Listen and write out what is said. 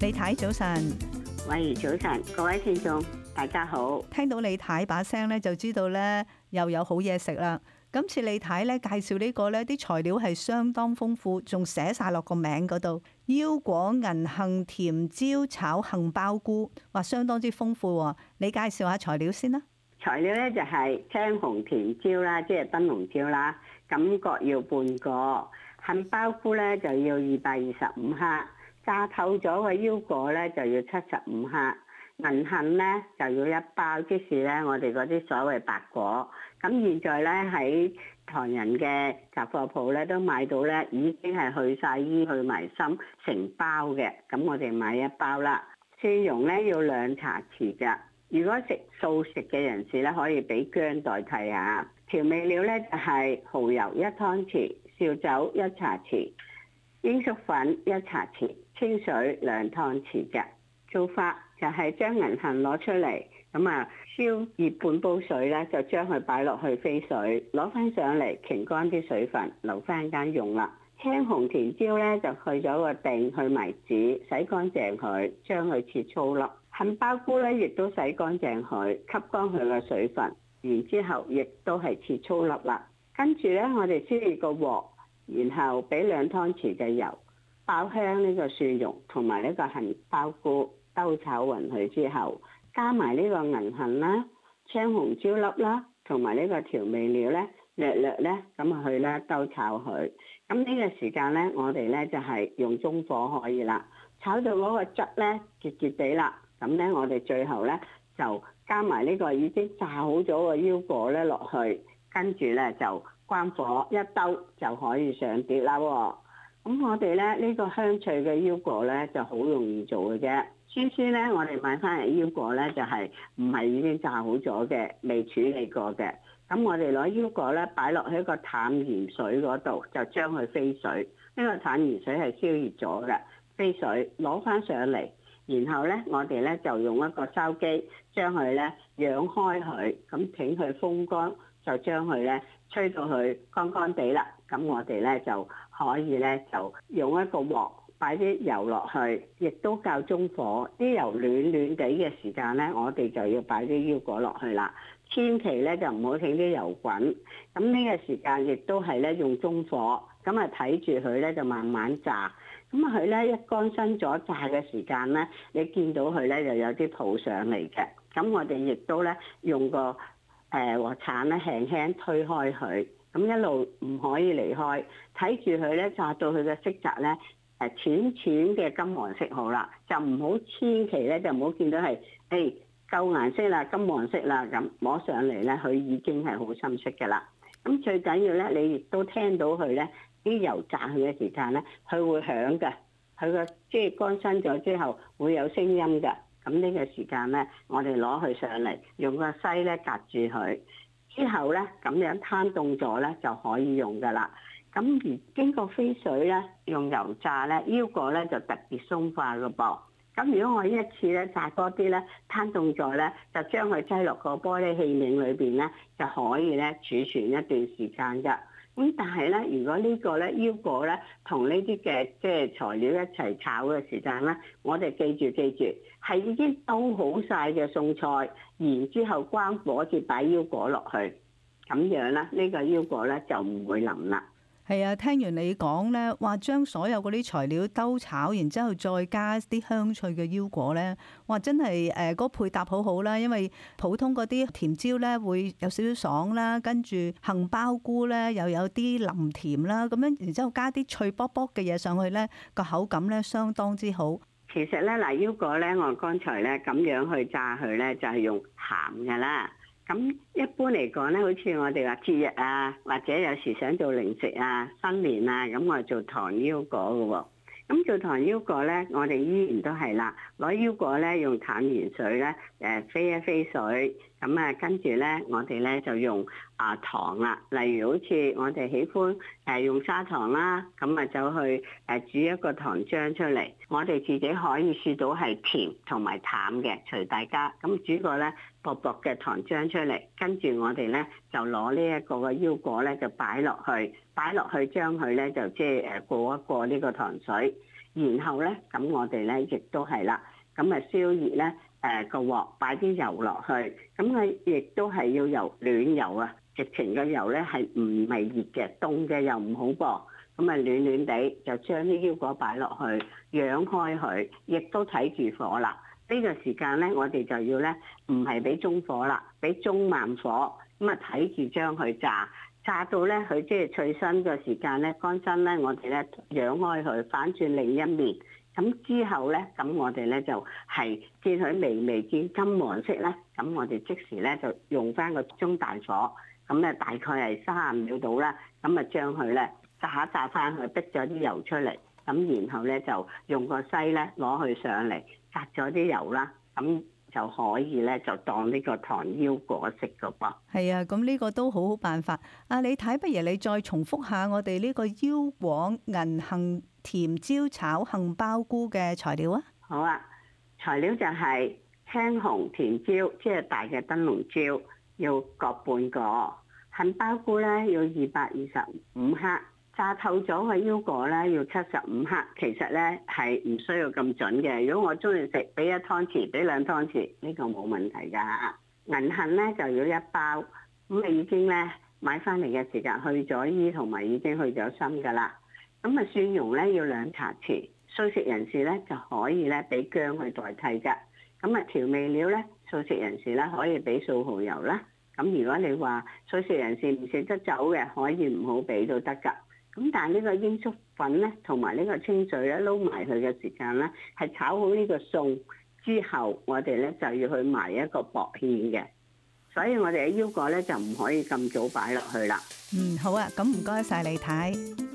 李太早晨，喂，早晨，各位聽眾，大家好。聽到李太把聲咧，就知道咧又有好嘢食啦。今次李太咧介紹呢個咧，啲材料係相當豐富，仲寫晒落個名嗰度。腰果、銀杏、甜椒炒杏鮑菇，哇，相當之豐富。你介紹下材料先啦。材料咧就係青紅甜椒啦，即係燈籠椒啦，感覺要半個杏鮑菇咧就要二百二十五克。炸透咗嘅腰果咧就要七十五克，銀杏咧就要一包，即是咧我哋嗰啲所謂白果。咁現在咧喺唐人嘅雜貨鋪咧都買到咧，已經係去晒衣去埋心，成包嘅。咁我哋買一包啦。蒜蓉咧要兩茶匙㗎。如果食素食嘅人士咧，可以俾薑代替嚇。調味料咧就係蠔油一湯匙，紹酒一茶匙。鷹粟粉一茶匙，清水兩湯匙嘅做法就係將銀杏攞出嚟，咁啊燒熱半煲水咧，就將佢擺落去飛水，攞翻上嚟擎乾啲水分，留翻一間用啦。青紅甜椒咧就去咗個蒂，去埋籽，洗乾淨佢，將佢切粗粒。杏鮑菇咧亦都洗乾淨佢，吸乾佢個水分，然之後亦都係切粗粒啦。跟住咧，我哋先要個鑊。然後俾兩湯匙嘅油爆香呢個蒜蓉同埋呢個杏鮑菇，兜炒勻佢之後，加埋呢個銀杏啦、青紅椒粒啦，同埋呢個調味料咧，略略咧咁去咧兜炒佢。咁、這、呢個時間咧，我哋咧就係用中火可以啦，炒到嗰個汁咧結結地啦。咁咧我哋最後咧就加埋呢個已經炸好咗個腰果咧落去。跟住咧就關火一兜就可以上碟啦、哦。咁我哋咧呢、呢個香脆嘅腰果咧就好容易做嘅。啫。先先咧，我哋買翻嚟腰果咧就係唔係已經炸好咗嘅，未處理過嘅。咁我哋攞腰果咧擺落去個淡鹽水嗰度，就將佢飛水。呢、呢個淡鹽水係燒熱咗嘅，飛水攞翻上嚟，然後咧我哋咧就用一個疏箕將佢咧揚開佢，咁請佢風乾。就將佢咧吹到佢乾乾地啦，咁我哋咧就可以咧就用一個鑊擺啲油落去，亦都較中火。啲油暖暖地嘅時間咧，我哋就要擺啲腰果落去啦。千祈咧就唔好睇啲油滾。咁呢個時間亦都係咧用中火，咁啊睇住佢咧就慢慢炸。咁啊佢咧一乾身咗炸嘅時間咧，你見到佢咧就有啲泡上嚟嘅。咁我哋亦都咧用個。誒、呃、和鏟咧輕輕推開佢，咁一路唔可以離開，睇住佢咧，炸到佢嘅色澤咧，誒、呃、淺淺嘅金黃色好啦，就唔好千祈咧，就唔好見到係，誒、欸、夠顏色啦，金黃色啦，咁摸上嚟咧，佢已經係好深色㗎啦。咁最緊要咧，你亦都聽到佢咧，啲油炸佢嘅時間咧，佢會響嘅，佢個即係乾身咗之後會有聲音㗎。咁呢個時間咧，我哋攞佢上嚟，用個篩咧隔住佢，之後咧咁樣攤凍咗咧就可以用噶啦。咁而經過飛水咧，用油炸咧，腰果咧就特別鬆化噶噃。咁如果我呢一次咧炸多啲咧，攤凍咗咧就將佢擠落個玻璃器皿裏面咧，就可以咧儲存一段時間噶。咁但係咧，如果呢個咧腰果咧同呢啲嘅即係材料一齊炒嘅時間咧，我哋記住記住係已經燜好晒嘅餸菜，然之後關火至擺腰果落去，咁樣啦，呢個腰果咧就唔會腍啦。係啊，聽完你講呢，哇！將所有嗰啲材料兜炒，然之後再加啲香脆嘅腰果呢。哇！真係誒嗰配搭好好啦，因為普通嗰啲甜椒呢會有少少爽啦，跟住杏鮑菇呢又有啲腍甜啦，咁樣然之後加啲脆卜卜嘅嘢上去呢，個口感呢相當之好。其實呢，嗱，腰果呢我剛才呢咁樣去炸佢呢，就係用鹹㗎啦。咁一般嚟講咧，好似我哋話節日啊，或者有時想做零食啊、新年啊，咁我哋做糖腰果㗎喎，哦。咁做糖腰果咧，我哋依然都係啦，攞腰果咧，用淡鹽水咧，誒飛一飛水。咁啊，跟住咧，我哋咧就用啊糖啦，例如好似我哋喜歡誒用砂糖啦，咁啊就去誒煮一個糖漿出嚟。我哋自己可以試到係甜同埋淡嘅，隨大家。咁煮個咧薄薄嘅糖漿出嚟，跟住我哋咧就攞呢一個嘅腰果咧就擺落去，擺落去將佢咧就即係誒過一過呢個糖水，然後咧咁我哋咧亦都係啦，咁啊燒熱咧。誒個鑊擺啲油落去，咁佢亦都係要油暖油啊！直情嘅油咧係唔係熱嘅，凍嘅又唔好噃，咁啊暖暖地就將啲腰果擺落去，揚開佢，亦都睇住火啦。呢個時間咧，我哋就要咧唔係俾中火啦，俾中慢火，咁啊睇住將佢炸，炸到咧佢即係脆身嘅時間咧，乾身咧我哋咧揚開佢，反轉另一面。咁之後咧，咁我哋咧就係煎佢微微煎金黃色咧，咁我哋即時咧就用翻個中大火，咁咧大概係卅秒到啦，咁啊將佢咧炸一炸翻去，逼咗啲油出嚟，咁然後咧就用個篩咧攞去上嚟，炸咗啲油啦，咁就可以咧就當呢個糖腰果食噶噃。係啊，咁呢個都好好辦法。啊，你睇，不如你再重複下我哋呢個腰果銀杏？甜椒炒杏鮑菇嘅材料啊，好啊，材料就係青紅甜椒，即係大嘅燈籠椒，要各半個；杏鮑菇咧要二百二十五克，炸透咗嘅腰果咧要七十五克。其實咧係唔需要咁準嘅，如果我中意食，俾一湯匙，俾兩湯匙呢個冇問題噶。銀杏咧就要一包，咁你已經咧買翻嚟嘅時間去咗衣同埋已經去咗心噶啦。咁啊蒜蓉咧要兩茶匙，素食人士咧就可以咧俾薑去代替嘅。咁啊調味料咧，素食人士咧可以俾素蠔油啦。咁如果你話素食人士唔食得酒嘅，可以唔好俾都得噶。咁但係呢個鷹粟粉咧同埋呢個清水，咧撈埋佢嘅時間咧，係炒好呢個餸之後，我哋咧就要去埋一個薄芡嘅。所以我哋嘅腰果咧就唔可以咁早擺落去啦。嗯，好啊，咁唔該晒你睇。